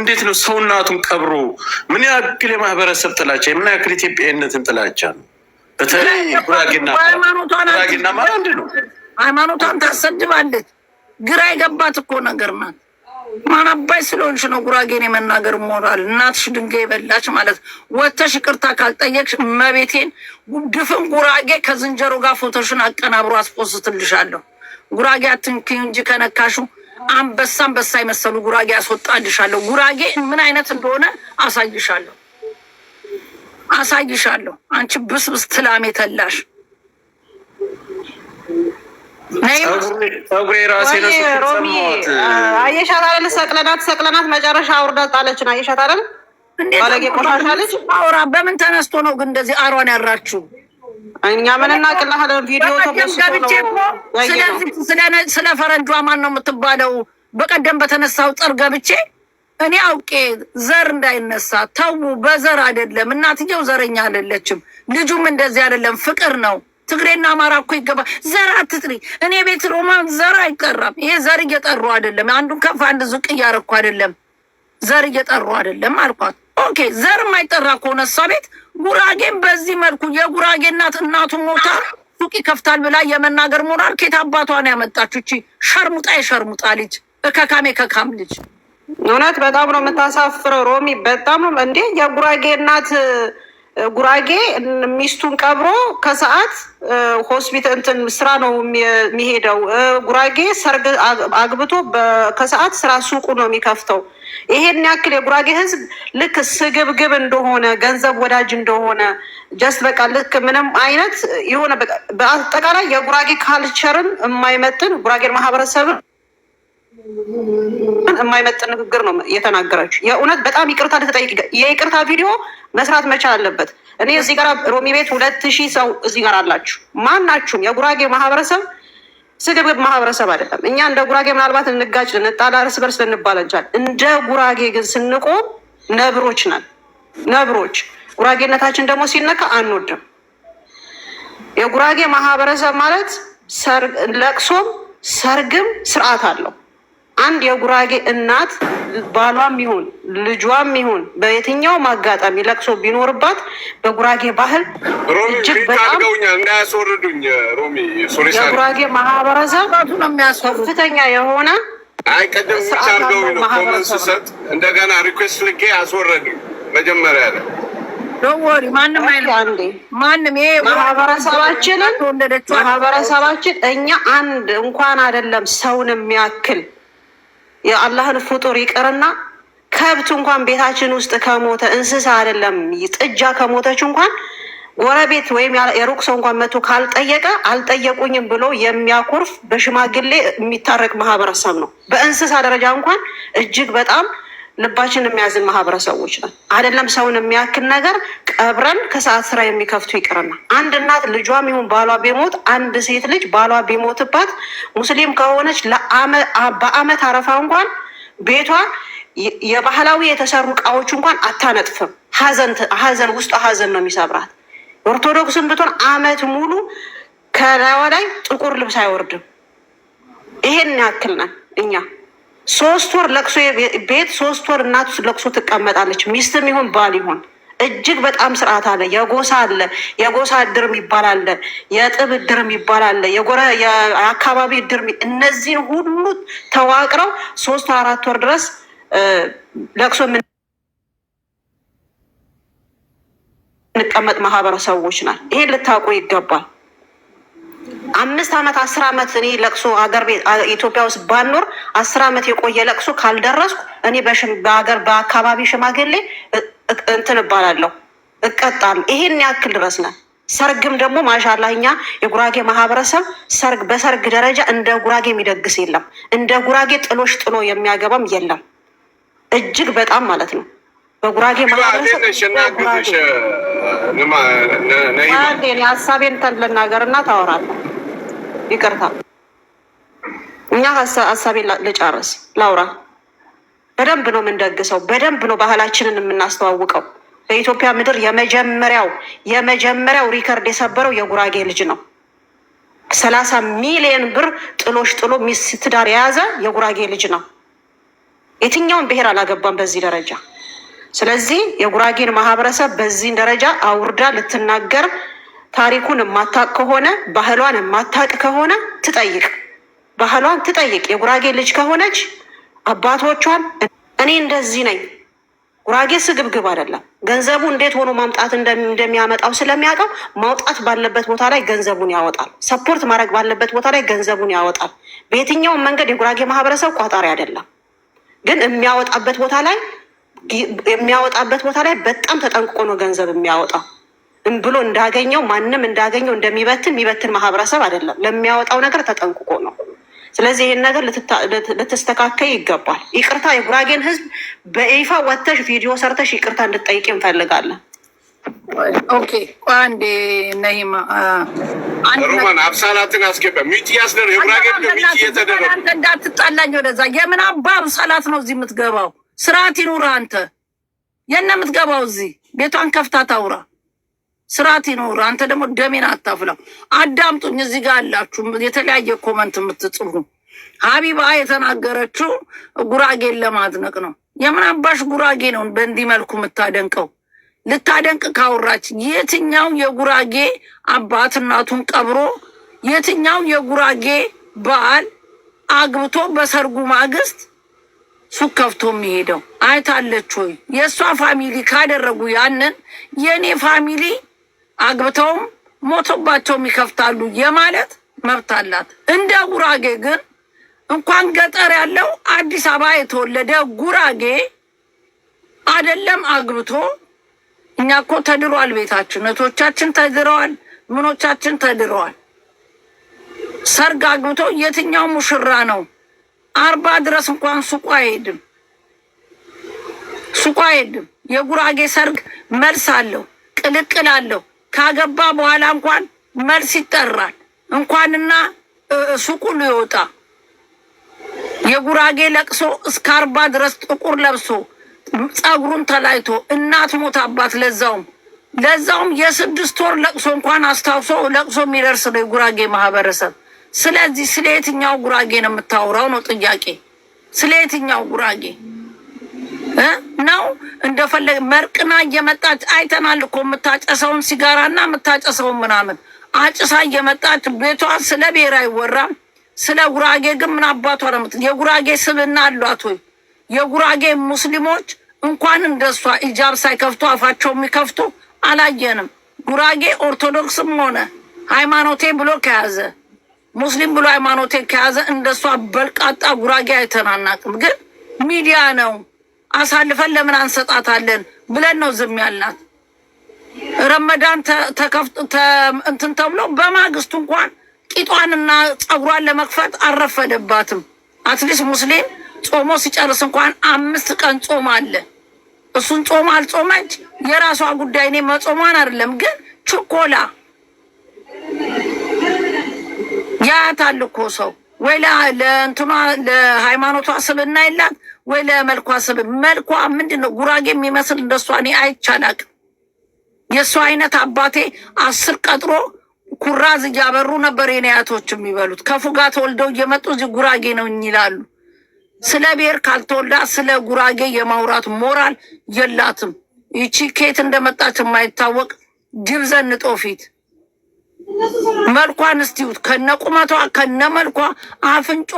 እንዴት ነው ሰው እናቱን ቀብሮ? ምን ያክል የማህበረሰብ ጥላቻ፣ ምን ያክል ኢትዮጵያዊነትን ጥላቻ ነው። በተለይ ጉራጌና ነው። ሃይማኖቷን ታሰድባለች። ግራ የገባት እኮ ነገር ናት። ማን አባይ ስለሆንሽ ነው ጉራጌን የመናገር ሞራል? እናትሽ ድንጋይ የበላች ማለት ወተሽ ይቅርታ ካልጠየቅሽ መቤቴን ድፍን ጉራጌ ከዝንጀሮ ጋር ፎቶሽን አቀናብሮ አስፖስትልሻለሁ። ጉራጌ አትንኪ እንጂ ከነካሹ አንበሳ አንበሳ የመሰሉ ጉራጌ ያስወጣልሻለሁ። ጉራጌ ምን አይነት እንደሆነ አሳይሻለሁ አሳይሻለሁ። አንቺ ብስብስ ትላሜ ተላሽ ጸጉሬ ራሴ ሮሚ አየሻት አይደል? ሰቅለናት ሰቅለናት መጨረሻ አውርዳ ጣለችን። አየሻት አይደል? ባለጌ ቆሻሻ ልጅ አውራ በምን ተነስቶ ነው ግን እንደዚህ አሯን ያራችሁ? እኛ ምን እናቅልሃለን? ቪዲዮ ተገብቼ እኮ ስለ ፈረንጇ ማን ነው የምትባለው? በቀደም በተነሳው ጥር ገብቼ እኔ አውቄ ዘር እንዳይነሳ ተው፣ በዘር አይደለም። እናትየው ዘረኛ አይደለችም፣ ልጁም እንደዚህ አይደለም። ፍቅር ነው። ትግሬና አማራ እኮ ይገባ። ዘር አትጥሪ። እኔ ቤት ሮማን ዘር አይጠራም። ይሄ ዘር እየጠሩ አይደለም። አንዱን ከፍ አንድ ዝቅ እያረኩ አይደለም። ዘር እየጠሩ አይደለም አልኳት። ኦኬ ዘር የማይጠራ ከሆነ እሷ ቤት ጉራጌን በዚህ መልኩ የጉራጌ እናት እናቱ ሞታ ሱቅ ይከፍታል ብላ የመናገር ሞራል ኬት አባቷን ያመጣችሁ? እቺ ሸርሙጣ የሸርሙጣ ልጅ እከካም የከካም ልጅ እውነት በጣም ነው የምታሳፍረው ሮሚ። በጣም ነው እንዴ የጉራጌ እናት ጉራጌ ሚስቱን ቀብሮ ከሰዓት ሆስፒታል እንትን ስራ ነው የሚሄደው። ጉራጌ ሰርግ አግብቶ ከሰዓት ስራ ሱቁ ነው የሚከፍተው። ይሄን ያክል የጉራጌ ህዝብ ልክ ስግብግብ እንደሆነ ገንዘብ ወዳጅ እንደሆነ ጀስት በቃ ልክ ምንም አይነት የሆነ በአጠቃላይ የጉራጌ ካልቸርን የማይመጥን ጉራጌን ማህበረሰብን የማይመጥን ንግግር ነው የተናገረችው። የእውነት በጣም ይቅርታ ልትጠይቅ የይቅርታ ቪዲዮ መስራት መቻል አለበት። እኔ እዚህ ጋር ሮሚ ቤት ሁለት ሺህ ሰው እዚህ ጋር አላችሁ ማናችሁም የጉራጌ ማህበረሰብ ስድብ ማህበረሰብ አይደለም። እኛ እንደ ጉራጌ ምናልባት እንጋጭ ልንጣላ፣ እርስ በርስ ልንባል እንችላለን። እንደ ጉራጌ ግን ስንቆም ነብሮች ነን። ነብሮች ጉራጌነታችን ደግሞ ሲነካ አንወድም። የጉራጌ ማህበረሰብ ማለት ለቅሶም ሰርግም ስርዓት አለው። አንድ የጉራጌ እናት ባሏም ይሁን ልጇም ይሁን በየትኛውም አጋጣሚ ለቅሶ ቢኖርባት በጉራጌ ባህል እጅግ በጣም እንዳያስወርዱኝ ሮሚ የጉራጌ ማህበረሰብ ከፍተኛ የሆነ አይቀደም ቻርገው ኮመንስ ሰጥ እንደገና ሪኩዌስት ልጌ አስወረዱ መጀመሪያ ላይ ዶወሪ ማንም አይልም። ማንም ይሄ ማህበረሰባችንን ማህበረሰባችን እኛ አንድ እንኳን አይደለም ሰውን የሚያክል የአላህን ፍጡር ይቅርና ከብት እንኳን ቤታችን ውስጥ ከሞተ እንስሳ አይደለም ጥጃ ከሞተች እንኳን ጎረቤት ወይም የሩቅ ሰው እንኳን መቶ ካልጠየቀ አልጠየቁኝም ብሎ የሚያኮርፍ በሽማግሌ የሚታረቅ ማህበረሰብ ነው። በእንስሳ ደረጃ እንኳን እጅግ በጣም ልባችን የሚያዝን ማህበረሰቦች ነን። አይደለም ሰውን የሚያክል ነገር ቀብረን ከሰዓት ስራ የሚከፍቱ ይቅርና አንድ እናት ልጇም ይሁን ባሏ ቢሞት አንድ ሴት ልጅ ባሏ ቢሞትባት ሙስሊም ከሆነች በአመት አረፋ እንኳን ቤቷ የባህላዊ የተሰሩ እቃዎች እንኳን አታነጥፍም። ሀዘን ውስጥ ሀዘን ነው የሚሰብራት። ኦርቶዶክስን ብትሆን አመት ሙሉ ከላዋ ላይ ጥቁር ልብስ አይወርድም። ይሄን ያክል ነን እኛ። ሶስት ወር ለቅሶ ቤት ሶስት ወር እናቱ ለቅሶ ትቀመጣለች። ሚስትም ይሁን ባል ይሁን እጅግ በጣም ስርዓት አለ። የጎሳ አለ፣ የጎሳ እድርም ይባላል፣ የጥብ እድርም ይባላል፣ የአካባቢ እድር። እነዚህን ሁሉ ተዋቅረው ሶስት አራት ወር ድረስ ለቅሶ የምንቀመጥ ማህበረሰቦች ናል። ይሄን ልታውቁ ይገባል። አምስት ዓመት አስር ዓመት እኔ ለቅሶ ሀገር ቤት ኢትዮጵያ ውስጥ ባኖር አስር ዓመት የቆየ ለቅሶ ካልደረስኩ እኔ በሀገር በአካባቢ ሽማግሌ እንትን እባላለሁ እቀጣለሁ። ይሄን ያክል ድረስ ነን። ሰርግም ደግሞ ማሻላ እኛ የጉራጌ ማህበረሰብ ሰርግ በሰርግ ደረጃ እንደ ጉራጌ የሚደግስ የለም። እንደ ጉራጌ ጥሎሽ ጥሎ የሚያገባም የለም። እጅግ በጣም ማለት ነው። በጉራጌ ማህበረሰብ ሀሳቤን ተን ልናገርና ታወራለህ። ይቅርታ እኛ ሀሳቤ ልጨርስ ላውራ። በደንብ ነው የምንደግሰው፣ በደንብ ነው ባህላችንን የምናስተዋውቀው። በኢትዮጵያ ምድር የመጀመሪያው የመጀመሪያው ሪከርድ የሰበረው የጉራጌ ልጅ ነው። ሰላሳ ሚሊዮን ብር ጥሎሽ ጥሎ ሚስ ትዳር የያዘ የጉራጌ ልጅ ነው። የትኛውን ብሔር አላገባም በዚህ ደረጃ። ስለዚህ የጉራጌን ማህበረሰብ በዚህ ደረጃ አውርዳ ልትናገር ታሪኩን የማታቅ ከሆነ ባህሏን የማታቅ ከሆነ ትጠይቅ። ባህሏን ትጠይቅ። የጉራጌ ልጅ ከሆነች አባቶቿን እኔ እንደዚህ ነኝ። ጉራጌ ስግብግብ አይደለም። ገንዘቡ እንዴት ሆኖ ማምጣት እንደሚያመጣው ስለሚያውቀው ማውጣት ባለበት ቦታ ላይ ገንዘቡን ያወጣል። ሰፖርት ማድረግ ባለበት ቦታ ላይ ገንዘቡን ያወጣል። በየትኛውም መንገድ የጉራጌ ማህበረሰብ ቋጣሪ አይደለም። ግን የሚያወጣበት ቦታ ላይ የሚያወጣበት ቦታ ላይ በጣም ተጠንቅቆ ነው ገንዘብ የሚያወጣው ብሎ እንዳገኘው ማንም እንዳገኘው እንደሚበትን የሚበትን ማህበረሰብ አይደለም። ለሚያወጣው ነገር ተጠንቅቆ ነው። ስለዚህ ይህን ነገር ልትስተካከይ ይገባል። ይቅርታ የጉራጌን ህዝብ በይፋ ወተሽ ቪዲዮ ሰርተሽ ይቅርታ እንድጠይቅ እንፈልጋለን። ኦኬ አንዴ ነሂማ ሮማን አብሳላትን አስገባ ሚቲ ያስደር የጉራጌ ሚቲ የተደረገ አንተ እንዳትጣላኝ ወደዛ የምን አባ አብሳላት ነው እዚህ የምትገባው? ስርዓት ይኑራ አንተ የነ የምትገባው እዚህ ቤቷን ከፍታ ታውራ ስርዓት ይኖር። አንተ ደግሞ ደሜን አታፍላ። አዳምጡኝ። እዚህ ጋር አላችሁ የተለያየ ኮመንት የምትጽፉ ሀቢባ የተናገረችው ጉራጌን ለማድነቅ ነው። የምን አባሽ ጉራጌ ነው በእንዲህ መልኩ የምታደንቀው? ልታደንቅ ካወራች የትኛው የጉራጌ አባት እናቱን ቀብሮ የትኛው የጉራጌ በዓል አግብቶ በሰርጉ ማግስት ሱቅ ከፍቶ የሚሄደው አይታለች ወይ? የእሷ ፋሚሊ ካደረጉ ያንን የእኔ ፋሚሊ አግብተውም ሞቶባቸውም ይከፍታሉ የማለት መብት አላት። እንደ ጉራጌ ግን እንኳን ገጠር ያለው አዲስ አበባ የተወለደ ጉራጌ አደለም አግብቶ እኛ እኮ ተድሯል። ቤታችን እህቶቻችን ተድረዋል። ምኖቻችን ተድረዋል። ሰርግ አግብቶ የትኛው ሙሽራ ነው አርባ ድረስ እንኳን ሱቁ አይሄድም፣ ሱቁ አይሄድም። የጉራጌ ሰርግ መልስ አለው፣ ቅልቅል አለው፣ ካገባ በኋላ እንኳን መልስ ይጠራል። እንኳንና ሱቁን ይወጣ የጉራጌ ለቅሶ እስከ አርባ ድረስ ጥቁር ለብሶ ጸጉሩን ተላይቶ እናት ሞት አባት ለዛውም ለዛውም የስድስት ወር ለቅሶ እንኳን አስታውሶ ለቅሶ የሚደርስ ነው የጉራጌ ማህበረሰብ። ስለዚህ ስለ የትኛው ጉራጌ ነው የምታወራው? ነው ጥያቄ። ስለ የትኛው ጉራጌ ነው እንደፈለገ መርቅና እየመጣች አይተናል እኮ የምታጨሰውን ሲጋራና የምታጨሰውን ምናምን አጭሳ እየመጣች ቤቷ ስለ ብሔር አይወራም። ስለ ጉራጌ ግን ምን አባቷ ነው የጉራጌ ስብና አሏት ወይ? የጉራጌ ሙስሊሞች እንኳን እንደሷ ኢጃብ ሳይከፍቱ አፋቸው የሚከፍቱ አላየንም። ጉራጌ ኦርቶዶክስም ሆነ ሃይማኖቴ ብሎ ከያዘ ሙስሊም ብሎ ሃይማኖቴ ከያዘ እንደሷ በልቃጣ ጉራጌ አይተናናቅም። ግን ሚዲያ ነው አሳልፈን ለምን አንሰጣታለን ብለን ነው ዝም ያልናት። ረመዳን እንትን ተብሎ በማግስቱ እንኳን ቂጧንና ጸጉሯን ለመክፈት አልረፈደባትም። አትሊስ ሙስሊም ጾሞ ሲጨርስ እንኳን አምስት ቀን ጾም አለ። እሱን ጾም አልጾመች የራሷ ጉዳይ። እኔ መጾሟን አይደለም ግን ችኮላ ያያታል እኮ ሰው ወይ ለእንትኗ ለሃይማኖቷ ስብና የላት ወይ ለመልኳ ስብ መልኳ ምንድን ነው? ጉራጌ የሚመስል እንደሷ እኔ አይቻላቅ። የእሷ አይነት አባቴ አስር ቀጥሮ ኩራዝ እያበሩ ነበር የኔ አያቶች የሚበሉት። ከፉጋ ተወልደው እየመጡ እዚህ ጉራጌ ነው ይላሉ። ስለ ብሔር ካልተወልዳ ስለ ጉራጌ የማውራት ሞራል የላትም። ይቺ ኬት እንደመጣች የማይታወቅ ጅብ ዘንጦ ፊት መልኳን እስቲዩት ከነ ቁመቷ ከነ መልኳ አፍንጫ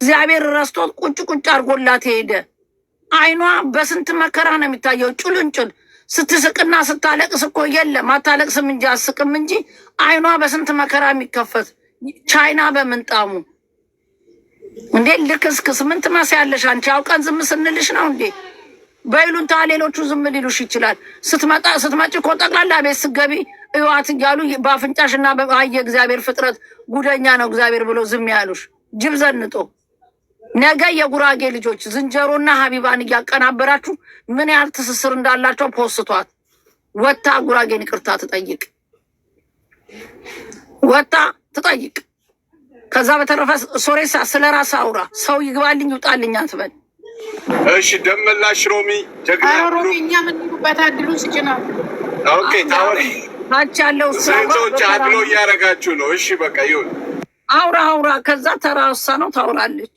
እግዚአብሔር ረስቶት ቁንጭ ቁንጭ አድርጎላት ሄደ። አይኗ በስንት መከራ ነው የሚታየው። ጩልንጩል ስትስቅና ስታለቅስ እኮ የለም አታለቅስም እንጂ አስቅም እንጂ አይኗ በስንት መከራ የሚከፈት ቻይና በምንጣሙ እንዴ ልክስክስ ምን ትመስያለሽ አንቺ? አውቀን ዝም ስንልሽ ነው እንዴ? በይሉንታ ሌሎቹ ዝም ሊሉሽ ይችላል። ስትመጣ ስትመጪ እኮ ጠቅላላ ቤት ስትገቢ እዋት እያሉ በአፍንጫሽ እና በአየ እግዚአብሔር ፍጥረት ጉደኛ ነው እግዚአብሔር ብሎ ዝም ያሉሽ ጅብ ዘንጦ ነገ የጉራጌ ልጆች ዝንጀሮና ሀቢባን እያቀናበራችሁ ምን ያህል ትስስር እንዳላቸው ፖስቷት ወታ ጉራጌን ይቅርታ ትጠይቅ ወታ ትጠይቅ። ከዛ በተረፈ ሶሬሳ ስለ ራስ አውራ ሰው ይግባልኝ ይውጣልኝ አትበል። እሺ ደመላሽ ሮሚ ሮሚ እኛ ምንሉበት አድሉ ስጭናል ታች ያለው ሰዎች አድሎ እያረጋችሁ ነው። እሺ በቃ ይሁን። አውራ አውራ ከዛ ተራሳ ነው ታውራለች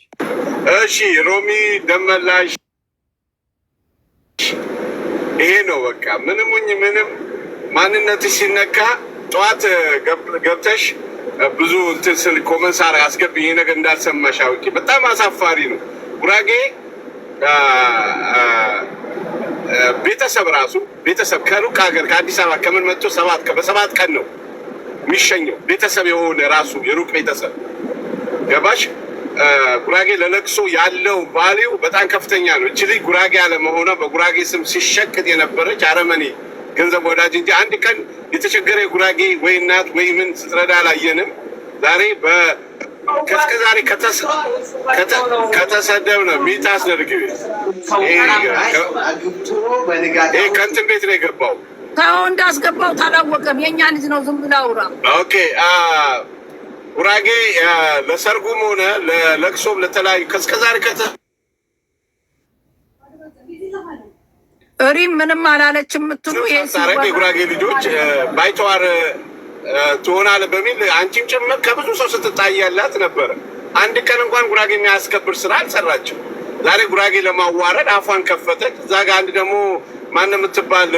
እሺ ሮሚ ደመላሽ ይሄ ነው በቃ። ምንም ውኝ ምንም ማንነትሽ ሲነካ ጠዋት ገብተሽ ብዙ እንትን ስል ኮመንሳሪ አስገቢ ይሄ ነገር እንዳልሰማሽ አውቂ። በጣም አሳፋሪ ነው። ጉራጌ ቤተሰብ ራሱ ቤተሰብ ከሩቅ ሀገር ከአዲስ አበባ ከምን መጥቶ ሰባት በሰባት ቀን ነው የሚሸኘው ቤተሰብ የሆነ ራሱ የሩቅ ቤተሰብ ገባሽ ጉራጌ ለለቅሶ ያለው ቫሊዩ በጣም ከፍተኛ ነው። እች ልጅ ጉራጌ አለመሆኗ በጉራጌ ስም ሲሸቅጥ የነበረች አረመኔ ገንዘብ ወዳጅ እንጂ አንድ ቀን የተቸገረ ጉራጌ ወይ እናት ወይ ምን ስትረዳ አላየንም። ዛሬ ከስከ ዛሬ ከተሰደብ ነው ሚታስደርግ ከእንትን ቤት ነው የገባው። ተው እንዳስገባው ታላወቀም። የእኛ ልጅ ነው ዝም ብላውራ ኦኬ ጉራጌ ለሰርጉም ሆነ ለለቅሶም ለተለያዩ ከስከዛሪ ከተ ሪም ምንም አላለች የምትሉ የጉራጌ ልጆች ባይተዋር ትሆናለህ በሚል አንቺም ጭምር ከብዙ ሰው ስትጣያላት ነበረ። አንድ ቀን እንኳን ጉራጌ የሚያስከብር ስራ አልሰራችም። ዛሬ ጉራጌ ለማዋረድ አፏን ከፈተች። እዛ ጋ አንድ ደግሞ ማን የምትባል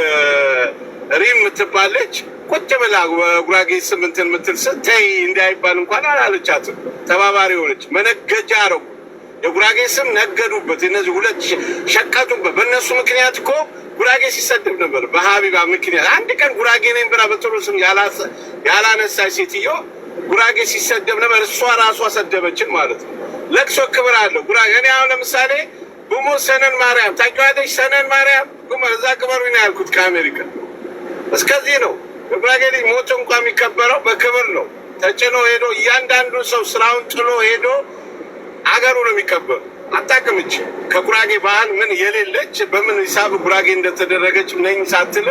ሪም የምትባለች ቁጭ ብላ ጉራጌ ስም ምትል ስተይ እንዳይባል እንኳን አላለቻትም። ተባባሪ ሆነች። መነገጃ አረጉ። የጉራጌ ስም ነገዱበት። እነዚህ ሁለት ሸቀጡበት። በእነሱ ምክንያት እኮ ጉራጌ ሲሰድብ ነበር። በሀቢባ ምክንያት አንድ ቀን ጉራጌ ነኝ ብላ በጥሩ ስም ያላነሳች ሴትዮ ጉራጌ ሲሰደብ ነበር። እሷ ራሷ ሰደበችን ማለት ነው። ለቅሶ ክብር አለው ጉራጌ። እኔ አሁን ለምሳሌ ብሞ ሰነን ማርያም ታውቂዋለሽ? ሰነን ማርያም እዛ ቅበሩ ነው ያልኩት ከአሜሪካ እስከዚህ ነው። ጉራጌ ሞት እንኳ የሚከበረው በክብር ነው። ተጭኖ ሄዶ እያንዳንዱ ሰው ስራውን ጥሎ ሄዶ አገሩ ነው የሚከበሩ። አታቅምች ከጉራጌ ባህል ምን የሌለች በምን ሂሳብ ጉራጌ እንደተደረገች ነኝ ሳትል